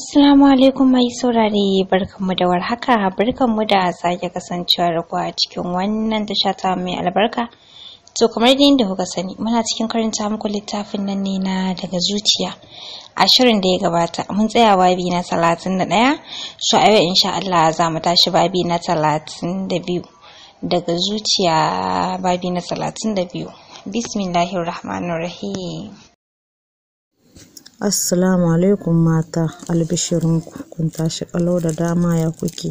Assalamu alaikum mai saurare barkanmu da warhaka barkanmu da sake kasancewa ku a cikin wannan tasha ta mai albarka. To kamar dai inda kuka sani muna cikin karanta muku littafin nan ne na daga zuciya. A shirin da ya gabata mun tsaya babi na talatin da ɗaya so a yau insha Allah za mu tashi babi na talatin da biyu daga zuciya babi na talatin da biyu. Bismillahirrahmanirrahim. Assalamu alaikum mata albishirinku kun tashi kalau da dama ya kuke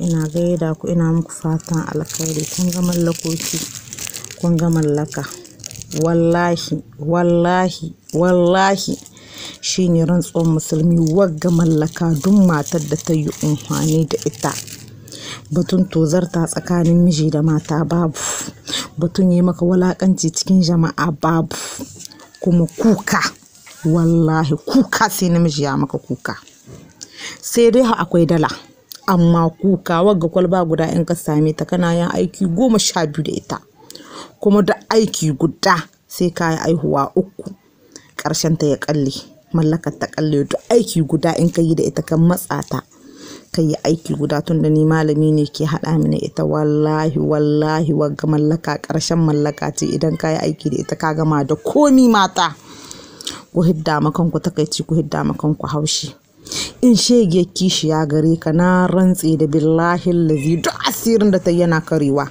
ina gaida ku ina muku fatan alkhairi kun ga mallakoki kun ga mallaka wallahi wallahi wallahi shine rantsuwar musulmi wagga mallaka duk matar da ta yi amfani da ita batun tozarta tsakanin miji da mata babu batun yi maka walakanci cikin jama'a babu kuma kuka wallahi kuka sai namiji ya maka kuka sai dai ha akwai dala amma kuka wagga kwalba guda in ka same ta kana yin aiki goma sha biyu da ita kuma da aiki guda sai ka yi aihuwa uku ƙarshen ta ya kalle mallakar ta kalle duk aiki guda in ka yi da ita kan matsa ta ka yi aiki guda tun da ni malami ne ke haɗa mini ita wallahi wallahi wagga mallaka karshen mallaka ce idan ka yi aiki da ita ka gama da komi mata ku hidda ma kanku takaici ku hidda ma kanku haushi in shege kishi ya gare ka na rantse da billahi lazi duk asirin da ta yana karewa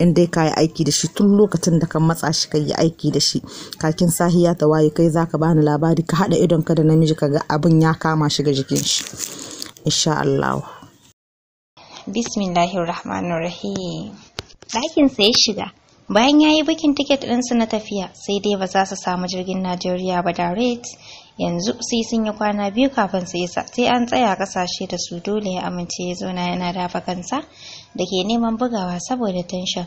in dai ka yi aiki da shi tun lokacin da ka matsa shi ka yi aiki da shi kakin sahiya ta waye kai za zaka bani labari ka haɗa idon ka da namiji ka ga abin ya kama shi ga jikin shi insha Allah bismillahirrahmanirrahim ɗakin sai ya shiga bayan ya yi bikin tiket ɗinsu na tafiya sai dai ba za su samu jirgin najeriya ba da direct yanzu sai sun yi kwana biyu kafin su isa sai an tsaya kasashe da su dole ya amince ya zauna yana dafa kansa da ke neman bugawa saboda tension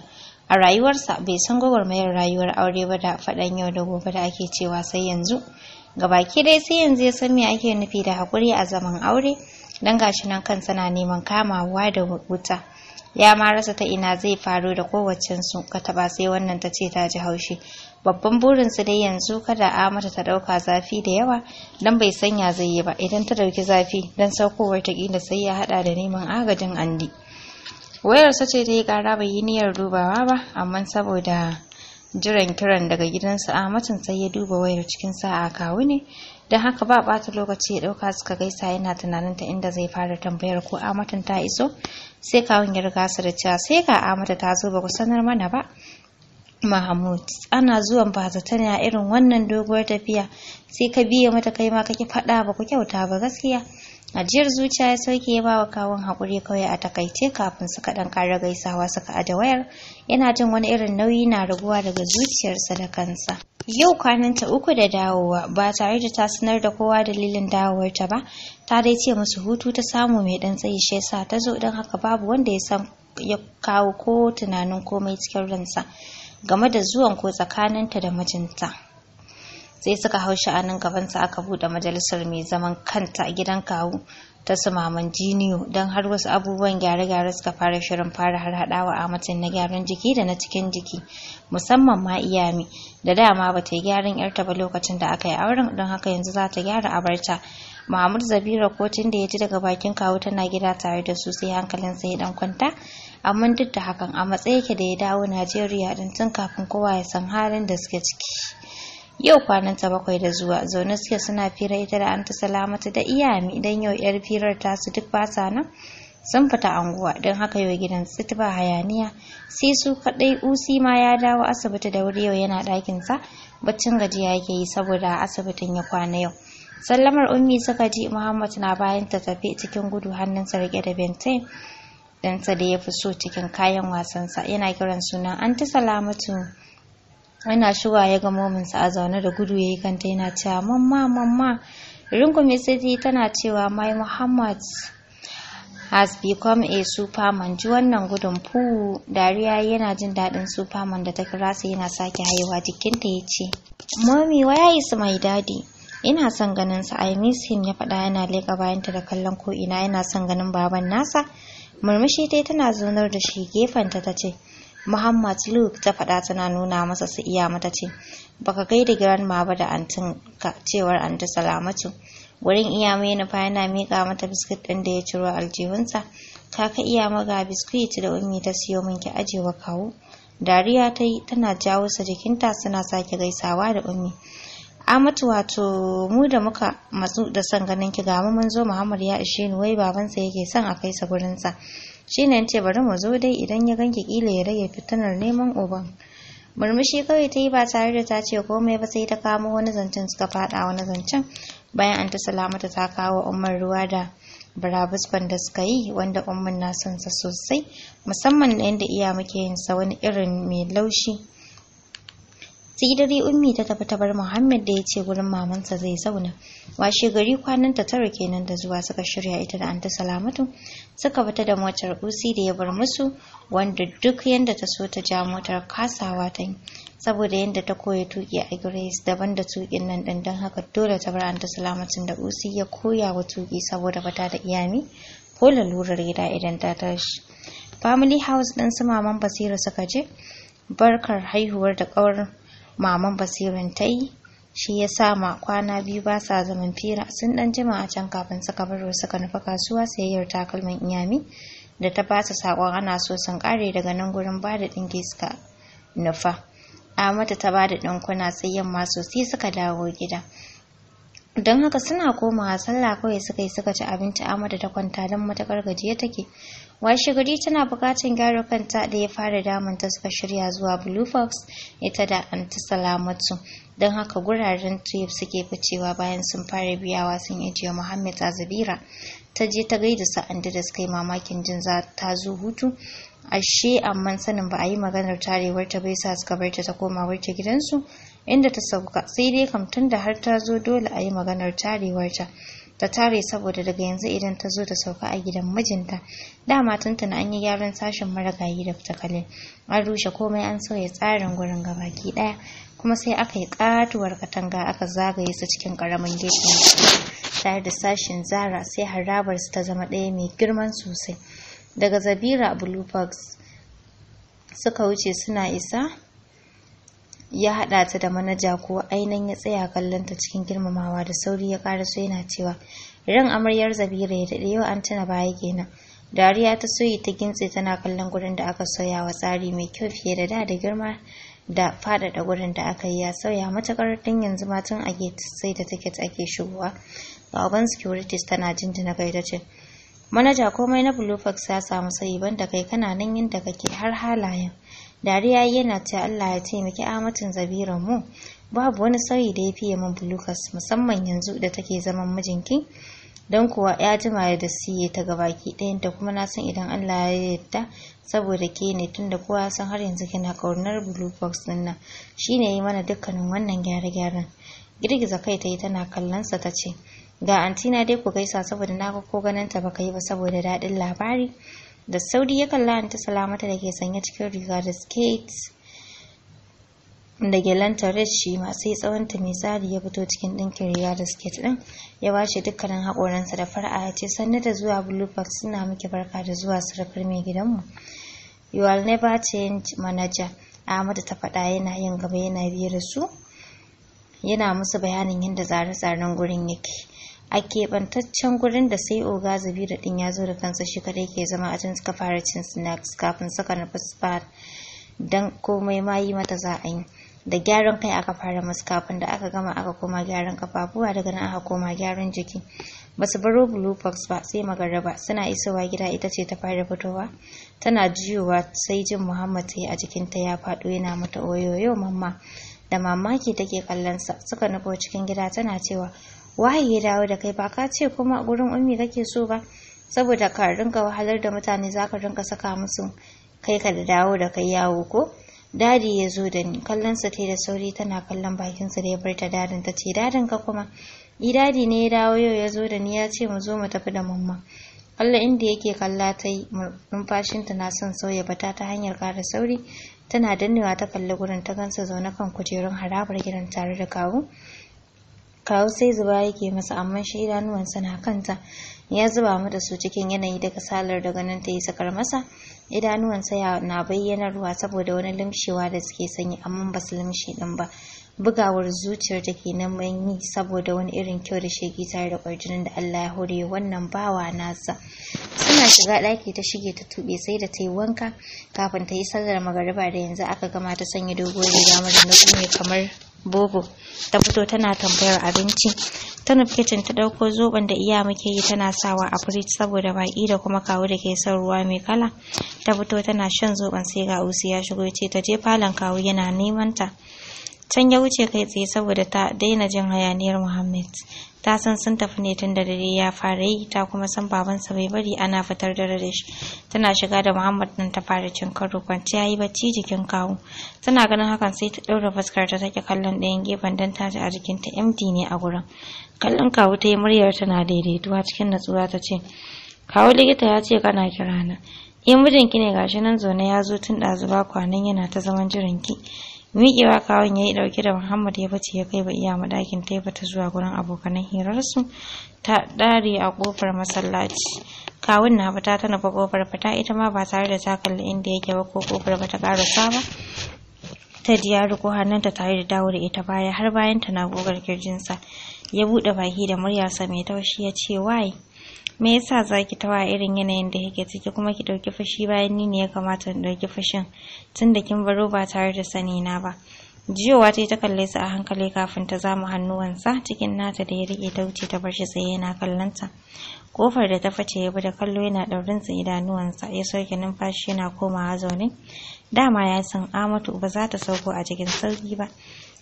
a rayuwarsa bai san gwagwarmayar rayuwar aure ba da faɗan yau da gobe da ake cewa sai yanzu gabaki dai sai yanzu ya san me ake nufi da haƙuri a zaman aure don gashi nan kansa na neman kamawa da wuta ya ma rasa ta ina zai faru da kowacce su ka taba sai wannan ta ce ta ji haushi babban burin su dai yanzu kada mata ta dauka zafi da yawa dan bai sanya zai yi ba idan ta dauki zafi dan saukowar ta kila sai ya hada da neman agajin Andi wayar sace ce ta yi kara bai yi niyyar dubawa ba amma saboda jiran kiran daga gidansa matan sai ya duba wayar cikin sa'a kawu ne don haka ba bata lokaci ya dauka suka gaisa yana tunanin ta inda zai fara tambayar ko amatan ta iso sai kawun ya riga su da cewa sai ga amata ta zo ba ku sanar mana ba Mahmud ana zuwan ba zata ne a irin wannan doguwar tafiya sai ka biye mata kai ma kake faɗa ba ku kyauta ba gaskiya ajiyar zuciya ya sauke ya bawa kawun haƙuri kawai a takaice kafin suka ɗan ƙara gaisawa suka aje wayar yana jin wani irin nauyi na raguwa daga zuciyarsa da kansa yau kwanan ta uku da dawowa ba tare da ta sanar da kowa dalilin dawowarta ba ta dai ce musu hutu ta samu mai ɗan tsayi shi yasa ta zo don haka babu wanda ya san ya kawo ko tunanin komai cikin ransa game da zuwan ko tsakaninta da mijinta sai suka hau sha'anin gabansa aka bude majalisar mai zaman kanta a gidan kawu ta su maman jiniyo don har wasu abubuwan gyare-gyare suka fara shirin fara har haɗawa a matsayin na gyaran jiki da na cikin jiki musamman ma iyami da dama ba ta yi gyaran yarta ba lokacin da aka yi auren don haka yanzu za ta gyara abarta mahmud zabira kotun da ya ji daga bakin kawu tana gida tare da su sai hankalinsa ya dan kwanta amma duk da hakan a matsayi yake da ya dawo najeriya din tun kafin kowa ya san halin da suke ciki yau kwanan ta bakwai da zuwa zaune suke suna fira ita da anta salamata da iyami idan yau yar firar tasu duk basa nan sun fita anguwa don haka yau gidan tsit ba hayaniya sai su kaɗai usi ma ya dawo asibiti da wuri yau yana ɗakin sa baccin gajiya yake yi saboda asibitin ya kwana yau sallamar ummi suka ji muhammad na bayan ta tafi cikin gudu hannunsa rike da bentin ɗansa da ya fi so cikin kayan wasansa yana kiran sunan anti salamatu yana shigowa ya ga mominsa a zaune da gudu ya yi kanta yana cewa mamma mamma rungume city tana cewa mai muhammad has become a superman ji wannan gudun fu dariya yana jin daɗin superman da ta kira sa yana sake haihuwa jikinta ya ce ya yi is my daddy ina son ganin sa i miss him ya faɗa yana leƙa bayanta da kallon ko'ina yana son ganin baban nasa murmushi dai tana zaunar da shi gefenta ta ce Muhammad Luke ta faɗa tana nuna masa su iya mata ce, baka kai da ma ba da antin ka cewar anti salamatu. Wurin iya mai fa yana miƙa mata biskit ɗin da ya ciro aljihunsa. ka iya maga biskit da ummi ta siyo min ki ajewa kawo. Dariya ta yi tana jawo sa jikinta suna sake gaisawa da ummi. Amatu wato mu da muka matsu da son ganin ki ga mun zo Muhammad ya ishe ni wai babansa yake son a kai sa gurinsa. shi ne ce bari mu zo dai idan ya ganki kila ya rage fitanar neman uban murmushi kawai ta yi ba tare da ta ce komai ba sai ta kamo wani zancen suka fada wani zancen bayan an ta salamata ta kawo umar ruwa da barabuskan da suka yi wanda umman na son sa sosai musamman da yanda iya muke yin sa wani irin mai laushi sai dare ummi ta tafi ta bar muhammad da ya ce gurin mamansa zai zauna washe gari kwanan ta tara kenan da zuwa suka shirya ita da anta salamatu suka fita da motar usi da ya bar musu wanda duk yanda ta so ta ja motar kasawa ta yi saboda yadda ta koya tuki a grace daban da tukin nan din don haka dole ta bar anta salamatu da usi ya koya wa tuki saboda bata da iyami ko lalurar gida idan ta tashi family house din su maman basira suka je barkar haihuwar da ƙawar. maman basirin ta yi shi ya sa ma kwana biyu ba sa zaman fira sun dan jima a can kafin suka baro suka nufi kasuwa sayayyar takalmin iyami da ta ba su sakon ana so sun kare daga nan gurin ba da dinki suka nufa Amata ta ba da dinkuna sai yamma sosai suka dawo gida don haka suna komawa sallah kawai suka yi suka ci abinci amada ta kwanta don matakar gajiya take washe gari tana bukatan gyara kanta da ya fara ta suka shirya zuwa blue fox ita da anti salamatu don haka guraren tuyib suke ficewa bayan sun fara biyawa sun ajiye muhammad a zabira ta je ta gaida sa an da suka yi mamakin jin za ta zo hutu ashe amma sanin ba a yi maganar tarewar ta bai sa suka bar ta ta koma gidansu inda ta sauka sai dai kam tun da har ta zo dole a yi maganar tarewarta ta tare saboda daga yanzu idan ta zo ta sauka a gidan mijinta dama na an yi gyaran sashen maragayi da fitakalin an rushe komai an sauya tsarin gurin gabaki daya kuma sai aka yi katuwar katanga aka zagaye su cikin karamin gefen tare da sashen zara sai harabar su ta zama ɗaya mai girman sosai daga zabira blue box suka wuce suna isa ya haɗa ta da manaja ko ainihin ya tsaya kallon ta cikin girmamawa da sauri ya ƙaraso yana cewa ran amaryar zabira ya daɗe yau an tuna baya kenan dariya ta soyi ta gintse tana kallon gurin da aka soya wa tsari mai kyau fiye da da da girma da faɗaɗa gurin da aka yi ya sauya matuƙar tun yanzu matan a gate sai da tiket ake shigowa gaban securities tana jinjina kai ta ce manaja komai na Blue Fox ya samu "Ban banda kai kana nan yadda kake har halayen dariya yana ta Allah ya taimaki amatin zabiran mu babu wani sauyi da ya fiye min Lucas musamman yanzu da take zaman mijinki don kuwa ya jima da siye ta gabaki ɗayanta kuma na san idan Allah ya yadda saboda ke ne tunda kowa ya san har yanzu kina kaunar blue box din nan shine yi mana dukkanin wannan gyare-gyaren girgiza kai ta yi tana kallonsa ta ce ga antina dai ku gaisa saboda na ko ganin ta baka yi ba saboda daɗin labari da saudi ya kalla ta salamata da ke sanya cikin riga da skates da gelanta da shi tsawonta mai tsari ya fito cikin ɗinkin riga da skate ɗin ya washe dukkanin haƙoransa da far'a ya ce sannu da zuwa blue park suna miki barka da zuwa surafar mai gidanmu you will never change manager ahmadu ta faɗa yana yin gaba yana biye da su yana musu bayanin yadda tsare-tsaren gurin yake a keɓantaccen gurin da sai oga zabiru ɗin ya zo da kansa shi kadai ke zama a can suka fara cin snacks kafin saka na spa don komai ma yi mata za a yi da gyaran kai aka fara masu kafin da aka gama aka koma gyaran kafafuwa daga nan aka koma gyaran jiki ba su baro blue fox ba sai magaraba suna isowa gida ita ce ta fara fitowa tana jiyowa sai jin muhammad ta yi a jikinta ya faɗo yana mata oyoyo mamma da mamaki take kallonsa suka nufo cikin gida tana cewa wahayi ya dawo da kai ba ka ce kuma gurin ummi kake so ba saboda ka rinka wahalar da mutane za ka rinka saka musu kai ka da dawo da kai yawo ko dadi ya zo da ni kallon sa da sauri tana kallon bakin sa da ya furta dadin ta ce dadin ka kuma i dadi ne ya dawo yau ya zo da ni ya ce mu zo mu tafi da mamma kallon inda yake kalla ta yi numfashinta na son sauya bata ta hanyar kare sauri tana dannewa ta kalli gurin ta gansa zaune kan kujerun harabar gidan tare da kawu kawo sai zuba yake masa amma shi idanuwansa na kanta ya zuba mata su cikin yanayi daga salar daga nan ta yi sakar masa idanuwansa na bayyanarwa saboda wani limshewa da suke sanyi amma ba su limshe din ba bugawar zuciyar ta ke nan yi saboda wani irin kyau da shege tare da kwarjinin da Allah ya hore wannan bawa nasa suna shiga ɗaki ta shige ta tuɓe sai da ta yi wanka kafin ta yi sallar magariba da yanzu aka gama ta sanya doguwar riga mara kamar bobo ta fito tana tambayar abinci ta nufi kicin ta ɗauko zoben da iya muke yi tana sawa a firij saboda baƙi da kuma kawu da ke son ruwa mai kala ta fito tana shan zoben sai ga usi ya shigo ce ta je falon kawu yana neman ta can ya wuce kai tsaye saboda ta daina jin hayaniyar muhammad ta san sun tafi ne tun da dare ya fara yi ta kuma san babansa bai bari ana fitar dare da shi tana shiga da muhammad nan ta fara cin karo kwanciya yi bacci jikin kawo tana ganin hakan sai ta ɗaura fuskar ta take kallon ɗayan gefen dan ta ji a ta md ne a gurin kallon kawo ta yi muryar tana daidaituwa cikin natsuwa ta ce kawo likita ya ce kana kirana in eh, mijinki ne gashi nan zaune ya zo tun ɗazu ba kwanan yana ta zaman jiranki miƙewa kawun ya yi ɗauke da muhammad ya bace ya kai ba iya madakin taibata zuwa gurin abokanan hirarsu ta ɗare a ƙofar masallaci kawun na fita ta nufa ƙofar fita ita ma ba tare da ta kalli inda yake ba ko ƙofar ba ta ƙara ba ta ji ko riko hannunta tare da dawo da ita baya har bayan ta na gogar kirjinsa ya buɗe baki da muryarsa mai taushi ya ce waye me yasa zaki tawa irin yanayin da yake ciki kuma ki ɗauki fushi bayan ni ne ya kamata in dauki fushin tunda kin baro ba tare da sani na ba jiyowa ta yi ta kalle su a hankali kafin ta zama hannuwansa cikin nata da ya rike ta wuce ta bar shi tsaye yana kallonta kofar da ta face ya bi da kallo yana daurin sa idanuwansa ya sauke numfashi yana komawa zaune dama ya san amatu ba za ta sauko a cikin sauki ba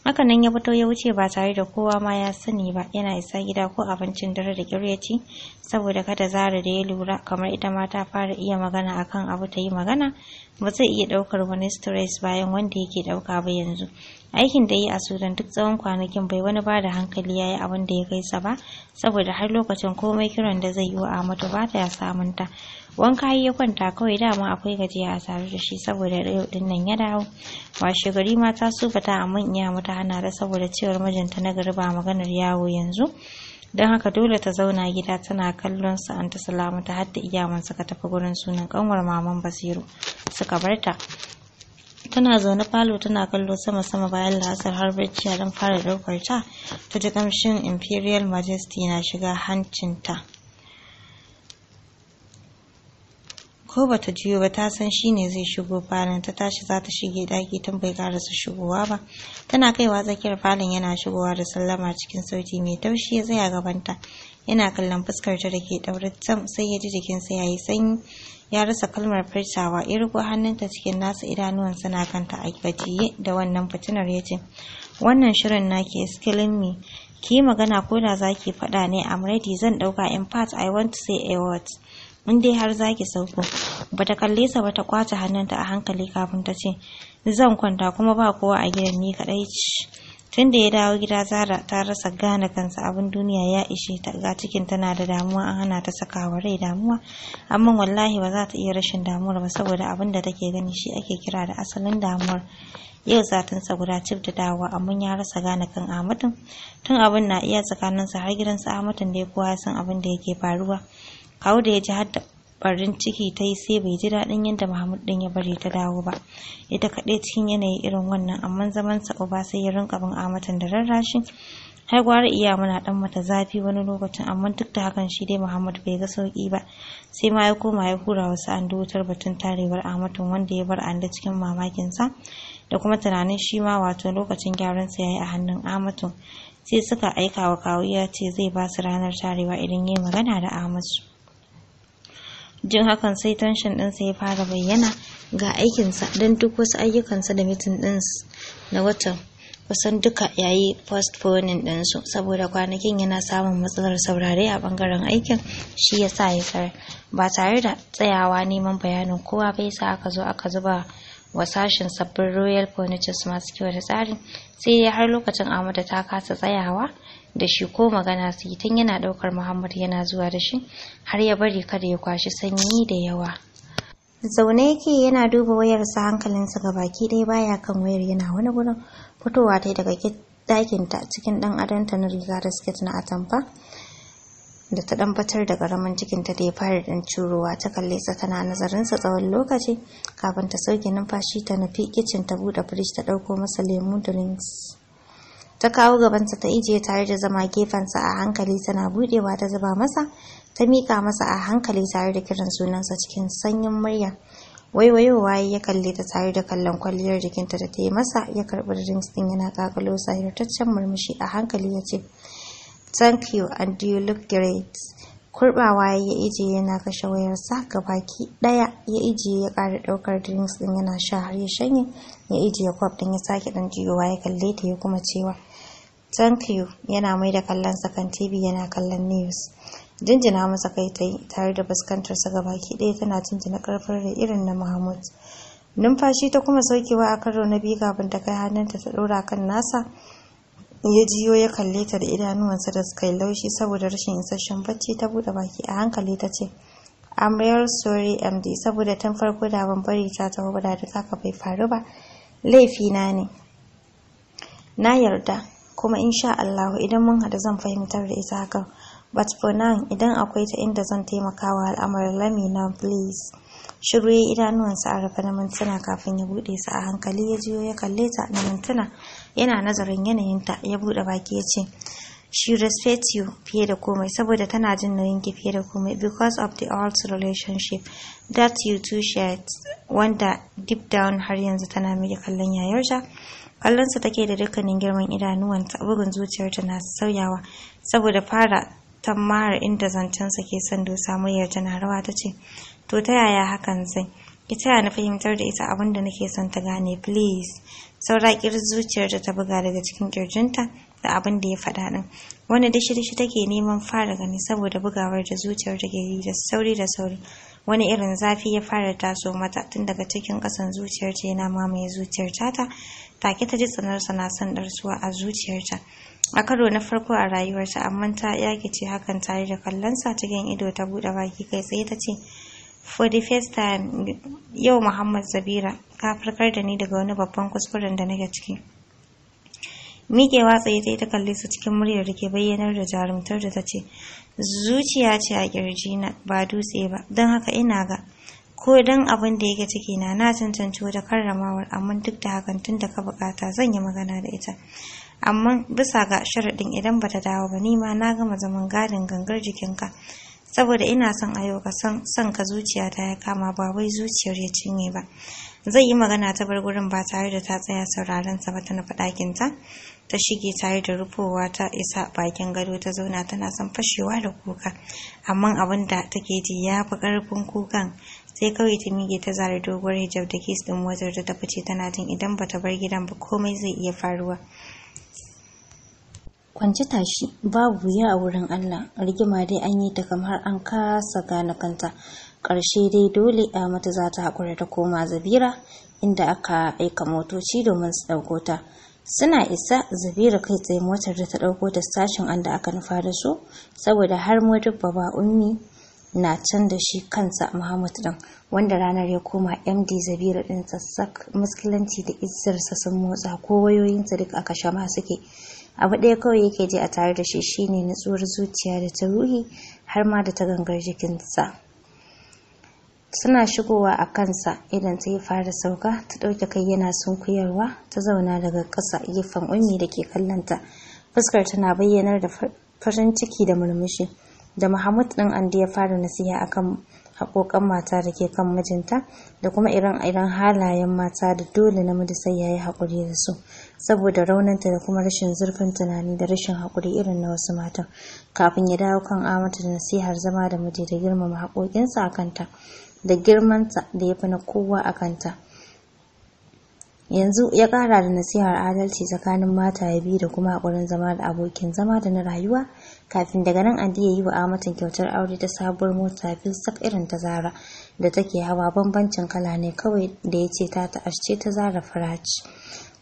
haka nan ya fito ya wuce ba tare da kowa ma ya sani ba yana isa gida ko abincin dare da ya ci saboda kada zara da ya lura kamar ita ma ta fara iya magana akan abu ta yi magana ba zai iya ɗaukar wani stress bayan wanda yake ɗauka ba yanzu aikin da ya yi a sudan duk tsawon kwanakin bai wani ba da hankali ya yi abin da ya kai sa ba saboda har lokacin komai kiran da zai yi wa amadu ba ta samun ta wanka ya kwanta kawai dama akwai gajiya a tare da shi saboda yau din nan ya dawo washe gari ma ta su bata amma iya mata hana da saboda cewar mijinta na gari ba maganar yawo yanzu don haka dole ta zauna gida tana kallon su an ta salamata har da iyaman ka tafi gurin sunan kanwar maman basiru suka barta tana zaune falo tana kallo sama-sama bayan la'asar har bacci don fara daukar ta ta ji kamshin imperial majesty na shiga hancinta ko ba ta jiyo ba ta san shi ne zai shigo falon ta tashi za ta shige daki tun bai karasa shigowa ba tana kaiwa tsakiyar falon yana shigowa da sallama cikin sauti mai taushi ya tsaya gabanta yana kallon fuskar ta da ke daure sam sai ya ji jikinsa ya yi sanyi ya rasa kalmar furtawa ya hannunta cikin nasa idanuwan suna kanta a gajiye da wannan fitinar ya ce wannan shirin na ke killing me ki magana ko da zaki faɗa ne I'm ready zan ɗauka in part I want to say a word in dai har zaki sauko bata kalle sa ba ta kwace hannunta a hankali kafin ta ce zan kwanta kuma ba kowa a gidan ni kaɗai ce tun da ya dawo gida zara ta rasa gane kansa abin duniya ya ishe ta ga cikin tana da damuwa an hana ta saka wa rai damuwa amma wallahi ba za ta iya rashin damuwar ba saboda abin da take gani shi ake kira da asalin damuwar yau sa guda cif da dawowa amma ya rasa gane kan amatin tun abin na iya tsakaninsa har gidansa amatin da ya kowa ya san abin da yake faruwa kawo da ya ji har farin ciki ta yi sai bai ji daɗin yadda Mahmud ɗin ya bari ta dawo ba. Ita kaɗai cikin yanayi irin wannan amma zaman sa uba sai ya rinka bin amatan da rarrashi. Har gwara iya muna ɗan mata zafi wani lokacin amma duk da hakan shi dai Muhammad bai ga sauƙi ba. Sai ma ya koma ya hura wasu an wutar batun tarewar amatan wanda ya bar Anda cikin mamakinsa da kuma tunanin shi ma wato lokacin gyaransa ya yi a hannun amatan. Sai suka aika wa kawu ya ce zai ba su ranar tarewa idan ya magana da Amatu. jin hakan sai tension ɗinsa ya fara bayyana ga aikinsa don duk wasu ayyukansa da mitin ɗin na watan kusan duka yayi postponing su saboda kwanakin yana samun matsalar saurare a ɓangaren aikin shi ya sa ya tsare. ba tare da tsayawa neman bayanin kowa bai sa aka zo aka zuba wa sashen sabbin royal furnitures masu kyau da tsari sai har lokacin amada ta kasa tsayawa da shi ko magana su yi tun yana ɗaukar muhammad yana zuwa da shi har ya bari kada ya kwashi sanyi da yawa zaune yake yana duba wayarsa hankalinsa ga baki ɗaya baya kan wayar yana wani gurin fitowa ta daga ɗakinta cikin ɗan adanta na riga da siket na atamfa da ta ɗan fitar da ƙaramin cikinta da ya fara ɗan curowa ta kalle sa tana nazarinsa tsawon lokaci kafin ta sauke numfashi ta nufi kicin ta buɗe firij ta ɗauko masa lemu drinks ta kawo gabansa ta ijiye tare da zama gefensa a hankali tana budewa ta zuba masa ta mika masa a hankali tare da kiran sunansa cikin sanyin murya waiwayowa ya kalle ta tare da kallon kwalliyar jikinta da ta yi masa ya karbi drinks din yana kakalo sahirtaccen murmushi a hankali ya ce thank you and you look great kurbawa ya ije yana kashe wayarsa baki daya ya ije ya ƙara ɗaukar drinks din yana sha har ya shanye ya ya kwaf din ya sake dan jiyowa ya kalle ta ya kuma cewa Thank you yana mai da kallon kan TV yana kallon news. Jinjina masa kai ta yi tare da sa ga baki ɗaya tana jinjina ƙarfin da irin na Mahmud. Numfashi ta kuma saukewa a karo na biyu kafin ta kai hannunta ta ɗora kan nasa. Ya jiyo ya kalle ta da idanuwansa da suka yi laushi saboda rashin isasshen bacci ta buɗe baki a hankali ta ce, I'm real sorry MD saboda tun farko da ban bari ta taho da ta bai faru ba, laifina ne. Na yarda, kuma insha Allah idan mun hada zan fahimtar da ita hakan but for now idan akwai ta inda zan taimaka taimakawa al'amarin lami na please shiru ya sa a rufe na mintuna kafin ya bude su a hankali ya jiyo ya kalle ta na mintuna yana nazarin yanayin ta ya bude baki ya ce she respects you fiye da komai saboda tana jin nauyin ki fiye da komai because of the old relationship that you two shared wanda deep down har yanzu tana miki kallon yayarta kallonsa take da dukkanin girman idanuwanta bugun zuciyarta na sauyawa saboda fara tammara inda zancensa ke son dosa muryar tana rawa ta ce to ta yaya hakan zai ki taya na fahimtar da ita abin nake son ta gane please saura zuciyarta ta buga daga cikin kirjinta da abin da ya faɗa ɗin wani dishi-dishi take neman fara gani saboda bugawar da zuciyar take yi da sauri da sauri wani irin zafi ya fara taso mata tun daga cikin kasan zuciyar ta yana mamaye zuciyar tata take ta ji tsanarsa na son ɗarsuwa a zuciyarta a karo na farko a rayuwarta amma ta ce hakan tare da kallon sa cikin ido ta buɗe baki kai tsaye ta ce for the first time yau muhammad zabira ka farkar da ni daga wani babban kuskuren da nake ciki mikewa tsaye zai ta kalle su cikin muryar da ke bayyanar da jarumtar da ta ce zuciya ce a kirji na ba dutse ba don haka ina ga ko don abin da yake ciki na na cancanci wata karramawar amma duk da hakan tun da ka bukata zan yi magana da ita amma bisa ga sharaɗin idan bata dawo ba nima na gama zaman gadin gangar jikinka saboda ina son a yau ka san ka zuciya ta ya kama ba wai zuciyar ya cinye ba zai yi magana ta bar gurin ba tare da ta tsaya sauraron sa ba ta nufa ɗakin ta ta shige tare da rufowa ta isa bakin gado ta zauna tana son fashewa da kuka amma abin da take ji ya fi ƙarfin kukan sai kawai ta mige ta zare doguwar hijab da kis din da ta tafi ce tana jin idan bata bar gidan ba komai zai iya faruwa kwanci tashi babu ya a wurin Allah rigima dai an yi ta kamar an kasa gane kanta karshe dai dole mata za ta haƙura ta koma Zabira inda aka aika motoci domin su ɗauko ta. Suna isa Zabira kai tsaye motar da ta ɗauko ta sashin an da aka nufa da su saboda har motar baba ummi na can da shi kansa Muhammad ɗin wanda ranar ya koma MD Zabira ɗin sassak muskilanci da izzarsa sun motsa ko wayoyinsa duk aka ma suke. abu ɗaya kawai yake ji a tare da shi shine nutsuwar zuciya da ta ruhi har ma da ta gangar jikinsa suna shigowa a kansa idan ta yi fara sauka ta ɗauke kai yana sunkuyarwa ta zauna daga ƙasa gefen ummi da ke kallonta fuskar tana bayyanar da farin ciki da murmushi da Muhammad ɗin Andi ya fara nasiha akan haƙoƙan mata da ke kan mijinta da kuma irin irin halayen mata da dole namiji sai ya yi haƙuri da su saboda raunanta da kuma rashin zurfin tunani da rashin haƙuri irin na wasu matan kafin ya dawo kan amata da nasihar zama da miji da girmama haƙoƙinsa a kanta da girmanta da ya fi na kowa a kanta yanzu ya ƙara da nasihar adalci tsakanin mata ya biyu da kuma haƙurin zama da abokin zama da na rayuwa kafin daga nan adi ya yi wa amatin kyautar aure ta sabuwar mota filsaf irin ta zara da take hawa bambancin kala ne kawai da ya ce ta ta'asce ta zara faraci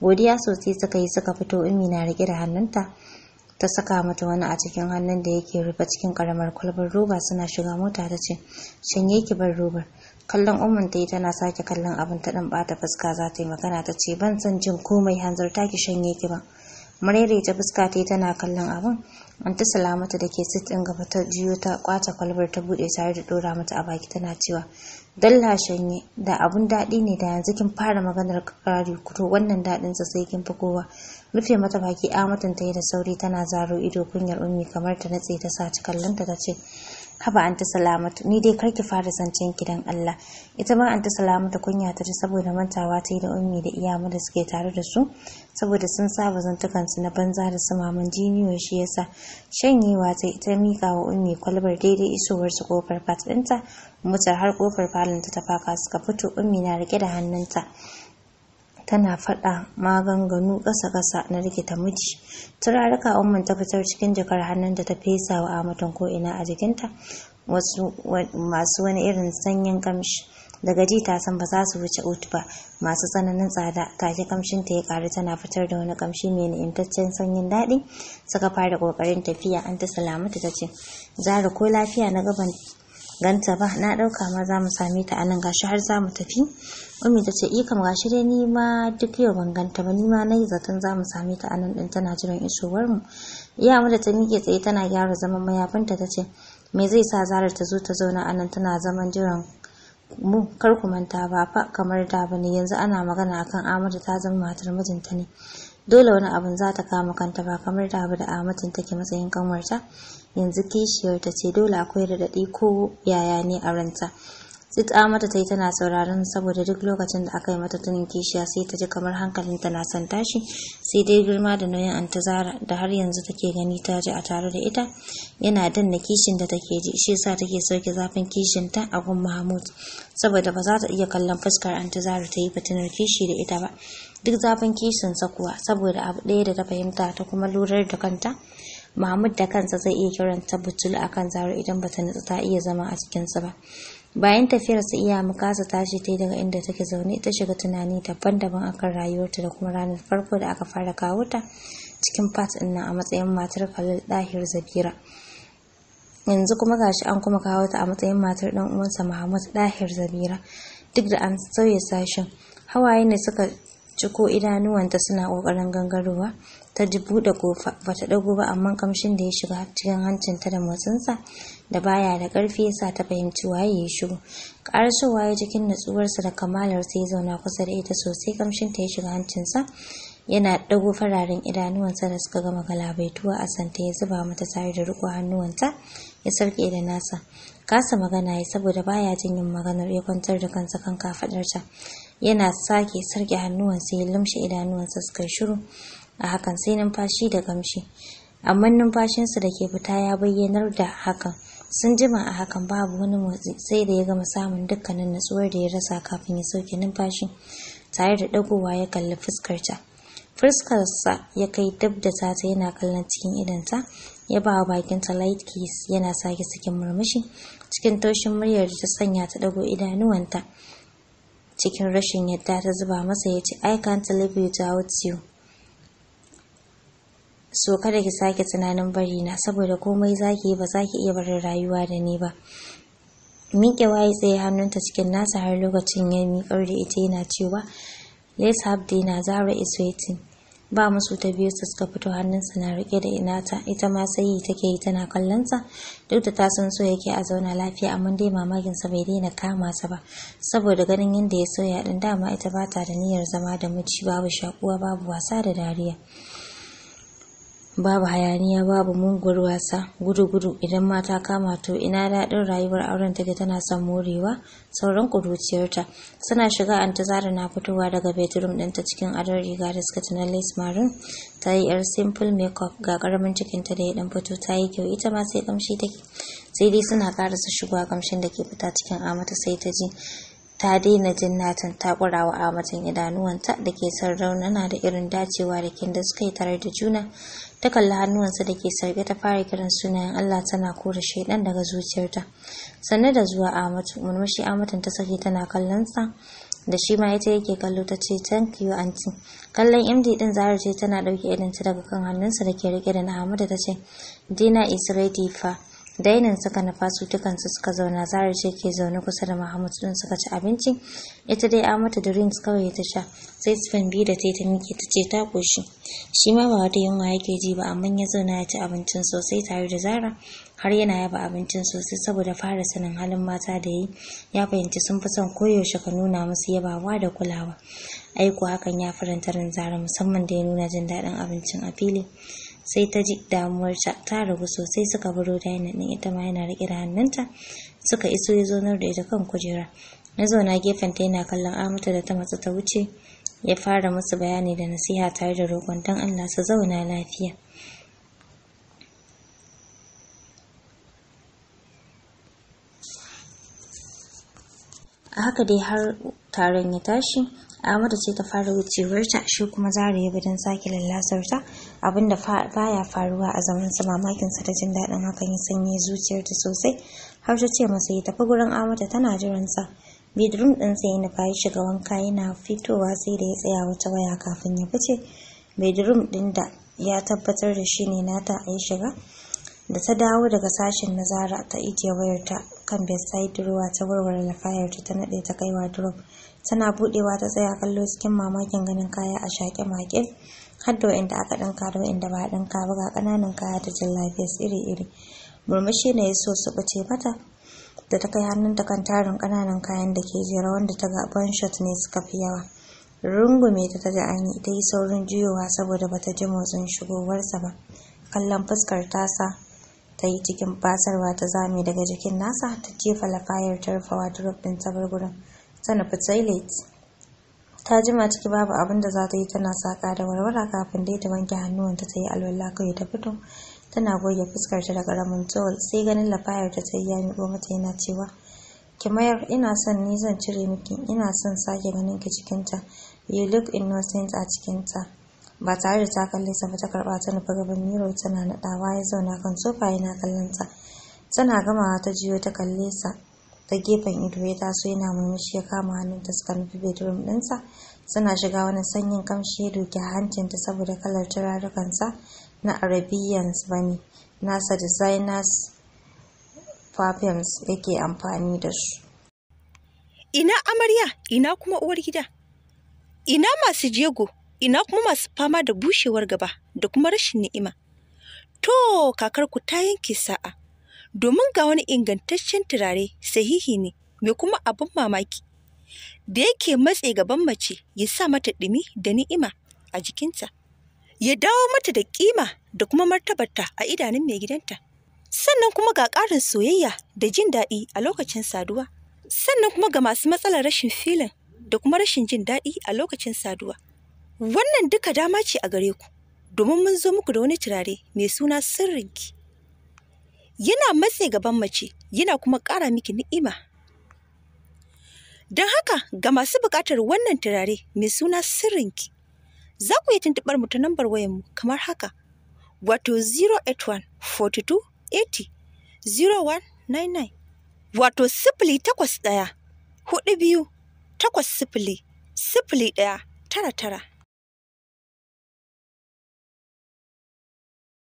godiya sosai suka yi suka fito umi na rike da hannunta ta saka mata wani a cikin hannun da yake rufe cikin karamar kwalbar roba suna shiga mota ta ce shanye ki bar robar kallon umman ta yi tana sake kallon abin ta dan bata fuska za ta yi magana ta ce ban san jin komai ta ki shanye ki ba murere ta fuska ta yi tana kallon abin ta salamata da ke sit din gaba ta jiyo ta kwace kwalbar ta bude tare da dora mata a baki tana cewa dalla shanye da abun dadi ne da yanzu kin fara maganar kari to wannan dadin sa sai kin fi kowa rufe mata baki a ta yi da sauri tana zaro ido kunyar ummi kamar ta natse ta sa ci kallonta ta ce haba anta salamatu ni dai karki fara zancen gidan Allah ita ma anta salamatu kunya ta ji saboda mantawa ta yi da ummi da iyamu da suke tare da su saboda sun saba zantukan su na banza da samaman jiniyo shi yasa shanyewa ta ita mika wa ummi kwalbar daidai isowar su kofar fat ɗinta mutar har kofar falon ta ta faka suka fito ummi na rike da hannunta tana faɗa maganganu ƙasa-ƙasa na rikita miji turaruka umman ta fitar cikin jakar hannun da ta fesa wa amatan ko ina a jikinta wasu masu wani irin sanyin kamshi daga ji ta san ba za su wuce ut ba masu tsananin tsada take kamshin ta ya karu tana fitar da wani kamshi mai ni'imtaccen sanyin daɗi suka fara kokarin tafiya an ta salamata ta ce zara ko lafiya na gaban ganta ba na ɗauka ma za mu same ta a gashi har za mu tafi ummi ta ce ikam gashi dai ni ma duk yau ban ganta ba ni ma na yi zaton za mu same ta a nan ɗin tana jiran isowar mu iya da ta miƙe tsaye tana gyara zaman mayafinta ta ce me zai sa zarar ta zo ta zauna anan tana zaman jiran mu kar ku manta ba fa kamar da bane yanzu ana magana akan amada ta zama matar mijinta ne dole wani abin za ta kama kanta ba kamar da abu da amatin take matsayin kanwarta yanzu kishiyar ta ce dole akwai raɗaɗi ko yaya ne a ranta sit mata ta yi tana sauraron saboda duk lokacin da aka yi mata tunin kishiya sai ta ji kamar hankalinta na son tashi sai dai girma da nauyin antazara da har yanzu take gani ta ji a tare da ita yana danna kishin da take ji shi sa take sauke zafin kishin ta a gun mahmud saboda ba za ta iya kallon fuskar antazara ta yi fitinar kishi da ita ba duk zafin kishin sa kuwa saboda abu ɗaya da ta fahimta ta kuma lurar da kanta Mahmud da kansa zai iya kiranta butul akan zaro idan bata nutsu ta iya zama a cikinsa ba bayan tafiyarsa iya mukasa tashi ta daga inda take zaune ta shiga tunani daban-daban akan rayuwarta da kuma ranar farko da aka fara kawo ta cikin fat ɗin nan a matsayin matar Khalil Dahir Zabira yanzu kuma gashi an kuma kawo ta a matsayin matar dan uwansa mahmud Dahir Zabira duk da an sauya sashen hawaye ne suka ciko idanuwanta suna ƙoƙarin gangarowa ta ji bude kofa ta ɗago ba amma kamshin da ya shiga cikin hancinta da motsinsa da baya da karfi yasa ta fahimci waye ya shigo karshe ya cikin natsuwarsa da kamalar sai zauna kusa da ita sosai kamshin ta ya shiga hancinsa yana dago fararen idanuwansa da suka gama galabaituwa a santa ya zuba mata tare da riko hannuwanta ya sarke da nasa kasa magana ya saboda baya jin yin maganar ya kwantar da kansa kan kafaɗarta yana sake sarki sai ya lumshe idanuwansa suka shiru a hakan sai numfashi da gamshi amma numfashinsa da ke fita ya bayyanar da hakan sun jima a hakan babu wani motsi sai da ya gama samun dukkanin natsuwar da ya rasa kafin ya sauke numfashi tare da dagowa ya kalli fuskarta sa ya kai dab da tata yana kallon cikin idanta ya ba wa ta light kiss yana sake sakin murmushi cikin taushin muryar da ta sanya ta dago idanuwanta cikin rashin yadda ta zuba masa ya ce i can't live without you so kada ki sake tunanin bari na saboda komai zaki yi ba zaki iya barin rayuwa da ni ba miƙe waye tsaye hannunta cikin nasa har lokacin ya miƙar da ita yana cewa let's have dinner zara is waiting ba musu ta biyu su suka fito hannunsa na rike da inata ita ma sai yi take yi tana kallonsa duk da ta san so yake a zauna lafiya amma dai mamakin sa bai daina kama sa ba saboda ganin yadda ya soya din dama ita ba ta da niyyar zama da miji babu shakuwa babu wasa da dariya babu hayaniya babu munguwar wasa gudu-gudu idan mata kama to ina daɗin rayuwar auren take tana son morewa sauran ƙuruciyarta. suna shiga anta zara na fitowa daga bedroom ɗinta cikin adon riga da suka na lace maroon ta yi yar simple makeup ga ƙaramin cikinta da ya dan fito ta yi kyau ita ma sai kamshi take sai dai suna karasa shigowa kamshin da ke fita cikin amata sai ta ji ta daina jin natin ta kurawa a matan idanuwanta da ke son raunana da irin dacewa da kin da suka yi tare da juna ta kalli hannuwansa da ke sarge ta fara kiran sunayen Allah tana kore shaidan daga zuciyarta sanne da zuwa matu murmushi matan ta sake tana kallon sa da shi ma ita yake kallo ta ce thank you aunty kallon MD din zara ce tana dauke idanta daga kan hannunsa da ke rike da na Ahmad ta ce Dina is ready fa dainan suka nufa su dukansu suka zauna zara ce ke zaune kusa da mahamud din suka ci abinci ita dai a mata drinks kawai ta sha sai sifan biyu da ta yi ta ce ta koshi shi ma ba wata yunwa yake ji ba amma ya zauna ya ci abincin sosai tare da zara har yana yaba abincin sosai saboda fara sanin halin mata da yi ya fahimci sun fi son koyaushe ka nuna musu yabawa da kulawa aiko hakan ya faranta ran zara musamman da ya nuna jin daɗin abincin a fili sai ta ji damuwarta ta ragu sosai suka baro daina din ita ma yana rike da hannunta suka iso ya zonar da ita kan kujera na zauna gefen ta yana kallon amuta da ta matsa ta wuce ya fara musu bayani da nasiha tare da roƙon don Allah su zauna lafiya a haka dai har taron ya tashi Ahmadu ce ta fara wucewarta shi kuma zara ya bidan sake lallasarta abin da baya faruwa a zaman sa mamakin sa jin daɗin hakan ya sanye zuciyar ta sosai har ta ce masa ya tafi gurin amata tana jiran sa bedroom din sa ya nufa ya shiga wanka yana fitowa sai da ya tsaya wata waya kafin ya fice bedroom din da ya tabbatar da shi ne nata a shiga da ta dawo daga sashen na zara ta ijiye wayarta kan bedside ruwa ta warware lafayarta ta nade ta kaiwa, wardrobe tana budewa ta tsaya kallo cikin mamakin ganin kaya a shaƙe maƙil har da wa'inda aka ɗinka da wa'inda ba a ɗinka ba ga ƙananan kaya da jallafiyas iri-iri murmushi ne ya so su ɓace mata da ta kai hannun ta kan tarin ƙananan kayan da ke jera wanda ta ga shot ne suka fi yawa rungume ta ji an yi ta yi saurin juyowa saboda ba ta ji motsin shigowarsa ba kallon fuskar tasa ta yi cikin basarwa ta zame daga jikin nasa ta jefa lafayar ta rufe wardrobe ɗin ta bar gurin ta toilet ta jima ciki babu abin da za ta yi tana saƙa da warwara kafin dai ta wanke hannuwanta ta yi alwala kai ta fito tana goge fuskarta da karamin towel sai ganin lafayar ta ta yi ya miƙo mata yana cewa ki mayar ina son ni zan cire miki ina son sake ganin ki cikinta you look innocent a ta ba tare da ta kalle sa ba ta karba ta nufa gaban miro tana naɗawa ya zauna kan sofa yana kallon ta tana gamawa ta jiyo ta kalle sa ta gefen ido ya taso yana murmushi ya kama ta suka nufi bedroom ɗinsa suna shiga wani sanyin kamshi ya doki hancinta saboda kalar turarukansa na arabians ba ne nasa designers perfumes yake amfani da su ina amarya ina kuma uwar gida ina masu jego ina kuma masu fama da bushewar gaba da kuma rashin ni'ima to kakarku ta yanke sa'a domin ga wani ingantaccen turare sahihi ne mai kuma abin mamaki da yake matse gaban mace ya sa mata ɗumi da ni'ima a jikinta ya dawo mata da ƙima da kuma martabarta a idanun mai gidanta sannan kuma ga ƙarin soyayya da jin daɗi a lokacin saduwa sannan kuma ga masu matsalar rashin filin da kuma rashin jin daɗi a lokacin saduwa wannan duka dama ce a gare ku domin mun zo muku da wani turare mai suna sirrinki yana matse gaban mace yana kuma ƙara miki ni'ima don haka ga masu buƙatar wannan turare mai suna sirrinki za ku yi tuntuɓar mu ta nambar wayanmu kamar haka wato 081 42 wato sifili takwas ɗaya hudu biyu takwas sifili sifili ɗaya tara tara